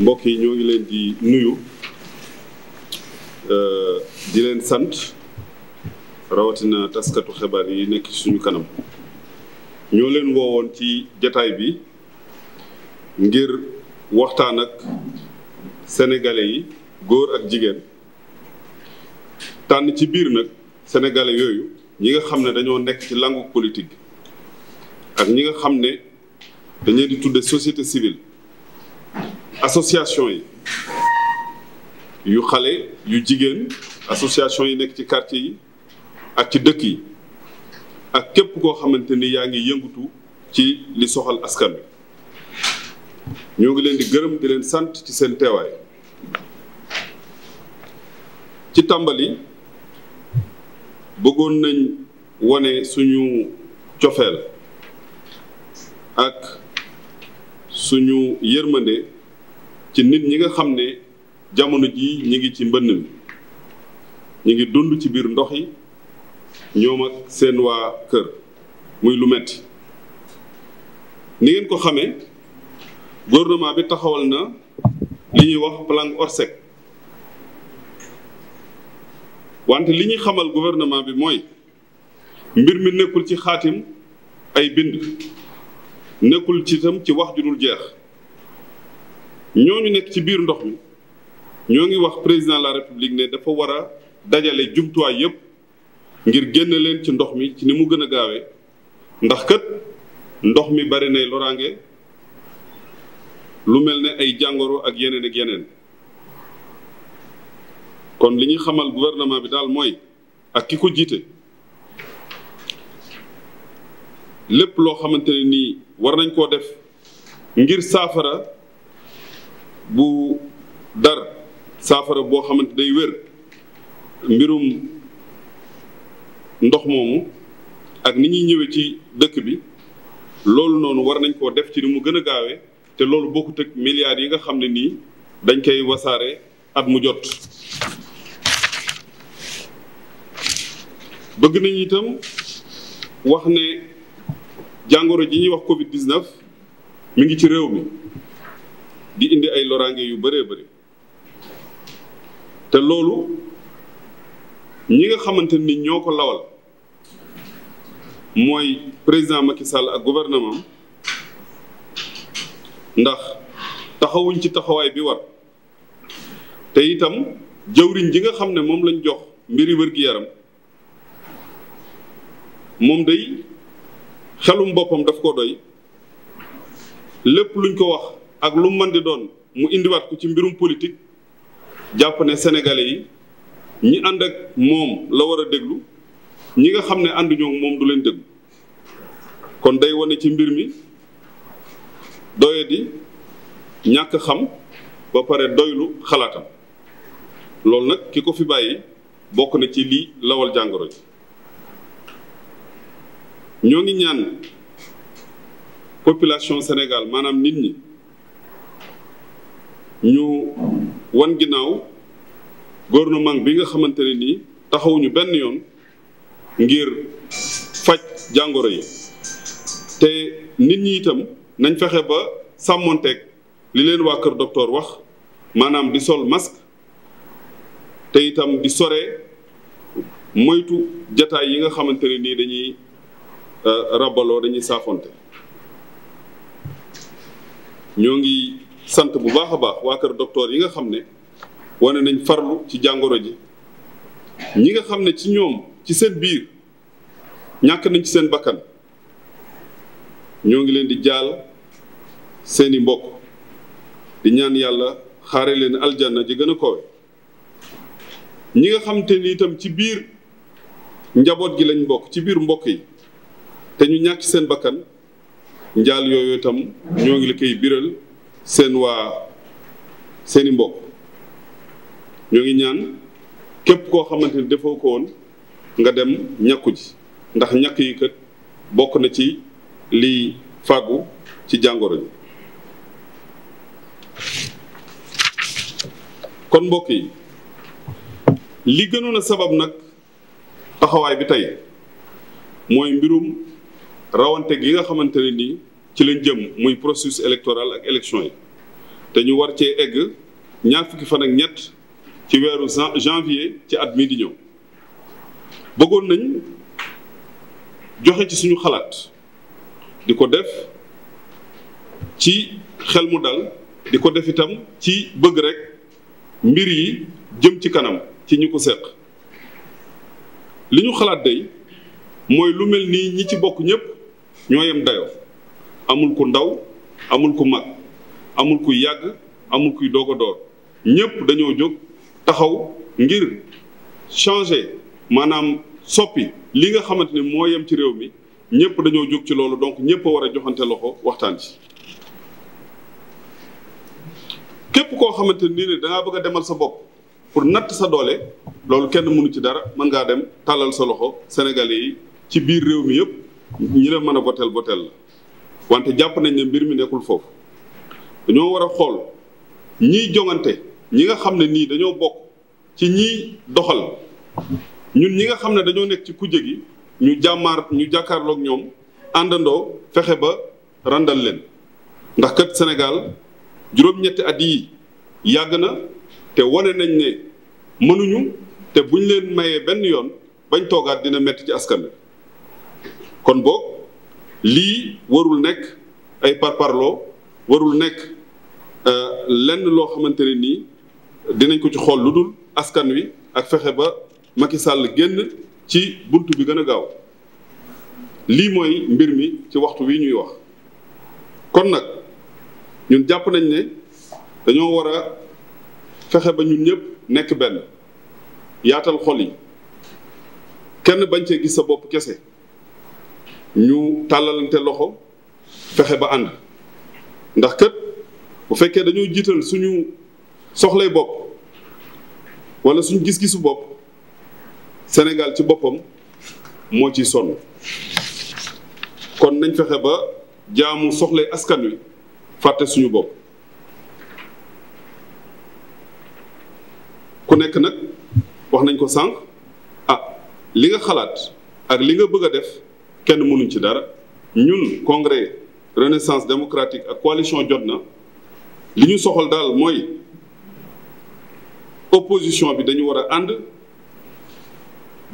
mbokk yi ñoo ngi leen di nuyu euh, di leen sant rawatina taskatu xebar yi nekk ci suñu kanam ñoo leen woowoon ci jataay bi ngir waxtaan ak sénégalais yi góor ak jigéen tànn ci biir nag sénégalais yooyu ñi nga xam ne dañoo nekk ci langue politique ak ñi nga xam ne dañu di tudde société civile association yi yu xale yu jigéen association yi nekk ci quartier yi ak ci dëkk yi ak képp koo xamante ni yaa ngi yëngutu ci li soxal askan wi ñoo ngi leen di gërëm di leen sant ci seen teewaay ci tàmbali bëggoon nañ wone suñu cofeel ak suñu yërmande ci nit ñi nga xam ne jamono jii ñi ngi ci mbënn mi ñi ngi dund ci biir ndox yi ñoom seen waa kër muy lu metti ni ngeen ko xamee gouvernement bi taxawal na li ñuy wax plan Orsec wante li ñuy xamal gouvernement bi mooy mbir mi nekkul ci xaatim ay bind nekkul ci itam ci wax ju dul jeex ñooñu nekk ci biir ndox mi ñoo ngi wax président la république ne dafa war a dajale jumtuwaay yépp ngir génn leen ci ndox mi ci ni mu gën a gaawee ndax kat ndox mi bari nay loraange lu mel ne ay jàngoro ak yeneen ak yeneen kon li ñuy xamal gouvernement bi daal mooy ak ki ko jiite lépp loo xamante ne nii war nañ koo def ngir saafara bu dar saafara boo xamante day wér mbirum ndox moomu ak ni ñuy ñëwe ci dëkk bi loolu noonu war nañ koo def ci ni mu gën a gaawee te loolu boo ko teg milliards yi nga xam ne nii dañ koy wasaare at mu jot. bëgg nañ itam wax ne jàngoro ji ñuy wax Covid 19 mu ngi ci réew mi. di indi ay loraange yu bëree bëri te loolu ñi nga xamante ni ñoo ko lawal mooy président Macky Sall ak gouvernement ndax taxawuñ ci taxawaay bi war te itam jëwriñ ji nga xam ne moom lañ jox mbiri wér-gi-yaram moom day xelum boppam daf ko doy lépp luñ ko wax ak lu mën di doon mu indiwaat ko ci mbirum politique jàpp ne sénégalais yi ñi ànd ak moom la war a déglu ñi nga xam ne ànduñoo moom du leen déglu kon day wane ci mbir mi doye di ñàkk xam ba pare doylu xalaatam loolu nag ki ko fi bàyyi bokk na ci lii lawal jàngoro ji ñoo ngi ñaan population Sénégal maanaam nit ñi ñu wan ginnaaw gouvernement bi nga xamante ne nii taxawuñu benn yoon ngir faj jàngoro yi te nit ñi itam nañ fexe ba sàmmonteeg li leen waa kër docteur wax maanaam di sol mask te itam di sore moytu jataay yi nga xamante ne nii dañuy euh, rabaloo dañuy saafonte ñoo ngi sant bu baax a baax waa kër docteur yi nga xam ne wane nañ farlu ci jàngoro ji ñi nga xam ne ci ñoom ci seen biir ñàkk nañ ci seen bakkan ñoo ngi leen di jaal seeni mbokk di ñaan yàlla xaare leen aljanna ji gën a ñi nga xam te ni itam ci biir njaboot gi lañ bokk ci biir mbokk yi te ñu ñàkk seen bakkan njaal yooyu itam ñoo ngi la koy biral seen waa seeni mbokk ñoo ngi ñaan képp koo xamante ni defoo ko woon nga dem ñàkku ji ndax ñàkk yi kat bokk na ci liy fàggu ci jàngoro ji kon mbokk yi li gënoon na sabab nag taxawaay bi tey mooy mbirum rawante gi nga xamante ne nii ci lañ jëm muy processus électoral ak élection yi te ñu war cee egg ñaar fukki fan ñett ci weeru janvier ci at mii di ñëw bëggoon nañ joxe ci suñu xalaat di ko def ci xel mu dal di ko def itam ci bëgg rek mbir yi jëm ci kanam ci ñi ko seq li ñu xalaat day mooy lu mel nii ñi ci bokk ñépp ñoo yem dayoo amul ku ndaw amul ku mag amul ku yàgg amul kuy doog a door ñëpp dañoo jóg taxaw ngir changer maanaam soppi li nga xamante ne moo yem ci réew mi ñëpp dañoo jóg ci loolu donc ñëpp a war a joxante loxo waxtaan ci képp koo xamante ni ne dangaa bëgg a demal sa bopp pour natt sa doole loolu kenn mënu ci dara mën ngaa dem tàllal sa loxo Sénégalais yi ci biir réew mi yëpp ñi la mën a boteel boteel la wante jàpp nañ ne mbir mi nekkul foofu dañoo war a xool ñiy jongante ñi nga xam ne nii dañoo bokk ci ñiy doxal ñun ñi nga xam ne dañoo nekk ci kujje gi ñu jàmmaar ñu jàkkaarlook ñoom àndandoo fexe ba randal leen ndax kat Sénégal juróom-ñetti at yi yàgg na te wane nañ ne mënuñu te buñ leen mayee benn yoon bañ toogaat dina metti ci askan wi kon boog lii warul nekk ay parparloo warul nekk euh, lenn loo xamante ne nii dinañ ko ci xool lu dul askan wi ak fexe ba Macky sàll génn ci bunt bi gën a gaaw lii mooy mbir mi ci waxtu wi ñuy wax kon nag ñun jàpp nañ ne dañoo war a fexe ba ñun ñëpp nekk benn yaatal xol yi kenn bañ cee gis sa bopp kese ñu tàllalante loxo fexe ba ànd ndax kët bu fekkee dañoo jiital suñu soxlay bopp wala suñu gis-gisu bopp senegal ci boppam moo ci sonn kon nañ fexe ba jaamu soxlay askan wi fàtte suñu bopp ku nekk nag wax nañ ko sànq a ah, li nga xalaat ak li nga bëgg a def kenn mënuñ ci dara ñun congrès renaissance démocratique ak coalition jot na li ñu soxal daal mooy opposition bi dañu war a ànd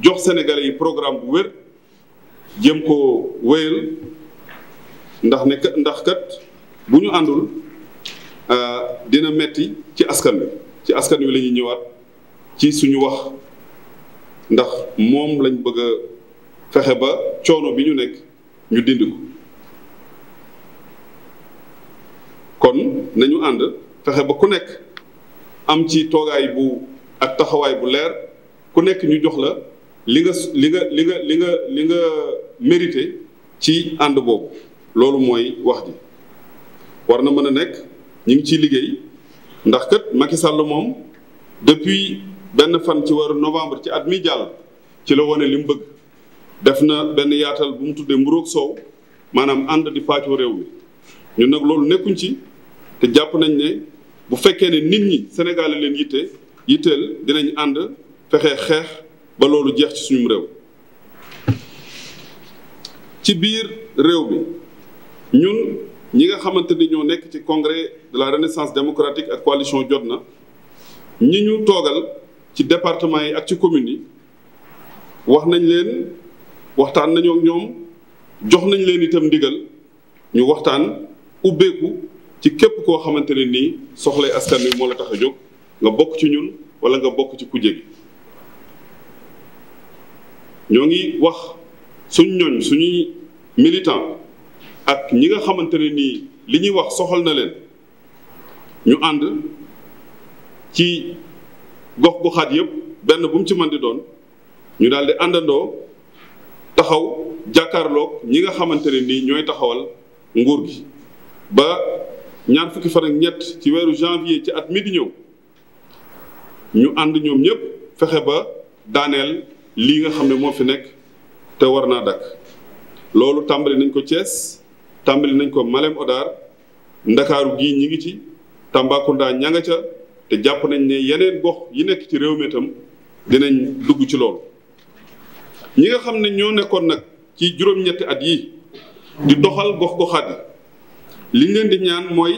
jox sénégalais yi programme bu wér jëm ko wéyal ndax ne ndax kat bu ñu àndul euh, dina metti ci askan wi ci askan wi la ñëwaat ci suñu wax ndax moom lañ bëgg a fexe ba coono bi ñu nekk ñu dind ko kon nañu ànd fexe ba ku nekk am ci toogaay bu ak taxawaay bu leer ku nekk ñu jox la li nga li nga li nga li nga li nga mérité ci ànd boobu loolu mooy wax ji war na mën a nekk ñu ngi ciy liggéey ndax kat Macky Sall moom depuis benn fan ci war novembre ci at mi jàll ci la wone li bëgg def na benn yaatal bu mu tuddee mburoog soow maanaam ànd di pàccoo réew mi ñun nag loolu nekkuñ ci te jàpp nañ ne bu fekkee ne nit ñi Sénégal leen yitte yitteel dinañ ànd fexe xeex ba loolu jeex ci suñu réew. ci biir réew mi ñun ñi nga xamante ni ñoo nekk ci congrès de la renaissance démocratique ak coalition jot na ñi ñu toogal ci département yi ak ci communes yi wax nañ leen. waxtaan nañoo ñoom jox nañ leen itam ndigal ñu waxtaan ubbeeku ci képp koo xamante ne nii soxlay askan wi moo la tax a jóg nga bokk ci ñun wala nga bokk ci kujje gi ñoo ngi wax suñ ñooñ suñuy militant ak ñi nga xamante ne nii li ñuy wax soxal na leen ñu ànd ci gox goxaat yëpp benn bu mu ci mën di doon ñu daal di àndandoo taxaw jàkkaarloog ñi nga xamante ne nii ñooy taxawal nguur gi ba ñaar fukki fan ak ñett ci weeru janvier ci at mi di ñëw ñu ànd ñoom ñëpp fexe ba daaneel lii nga xam ne moo fi nekk te war naa dakk loolu tàmbali nañ ko Thiès tàmbali nañ ko Malem Odar ndakaaru gii ñi ngi ci Tambacounda ña nga ca te jàpp nañ ne yeneen gox yi nekk ci réew mi itam dinañ dugg ci loolu. ñi nga xam ne ñoo nekkoon nag ci juróom-ñetti at yi di doxal gox goxaat li liñ leen di ñaan mooy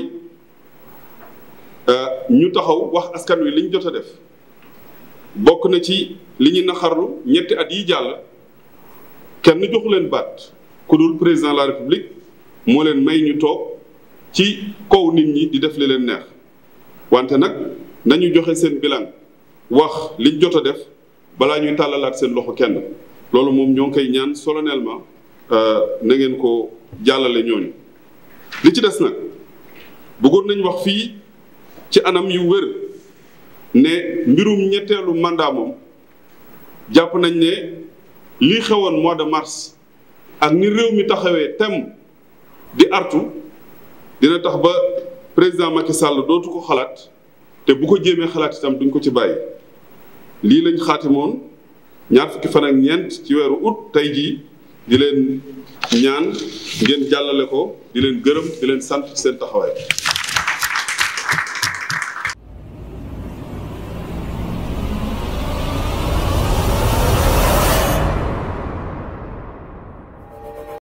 euh, ñu taxaw wax askan wi liñ jot a def bokk na ci li ñu naxarlu ñetti at yi jàll kenn joxu leen baat ku dul président de la république moo leen may ñu toog ci kow nit ñi di def li leen neex wante nag nañu joxe seen bilan wax liñ jot a def balaa ñuy tàllalaat seen loxo kenn loolu moom ñoo ngi koy ñaan solennellement euh, na ngeen ko jàllale ñooñu li ci des nag bëggoon nañ wax fii ci anam yu wér ne mbirum ñetteelu mandat moom jàpp nañ ne lii xewoon mois de mars ak ni réew mi taxawee tem di artu dina tax ba président ma Macky sàll dootu ko xalaat te bu ko jéemee xalaat itam duñ ko ci bàyyi lii lañ xaatimoon ñaar fukki fan ak ñeent ci weeru août tey jii di leen ñaan ngeen jàllale ko di leen gërëm di leen sant seen taxawaay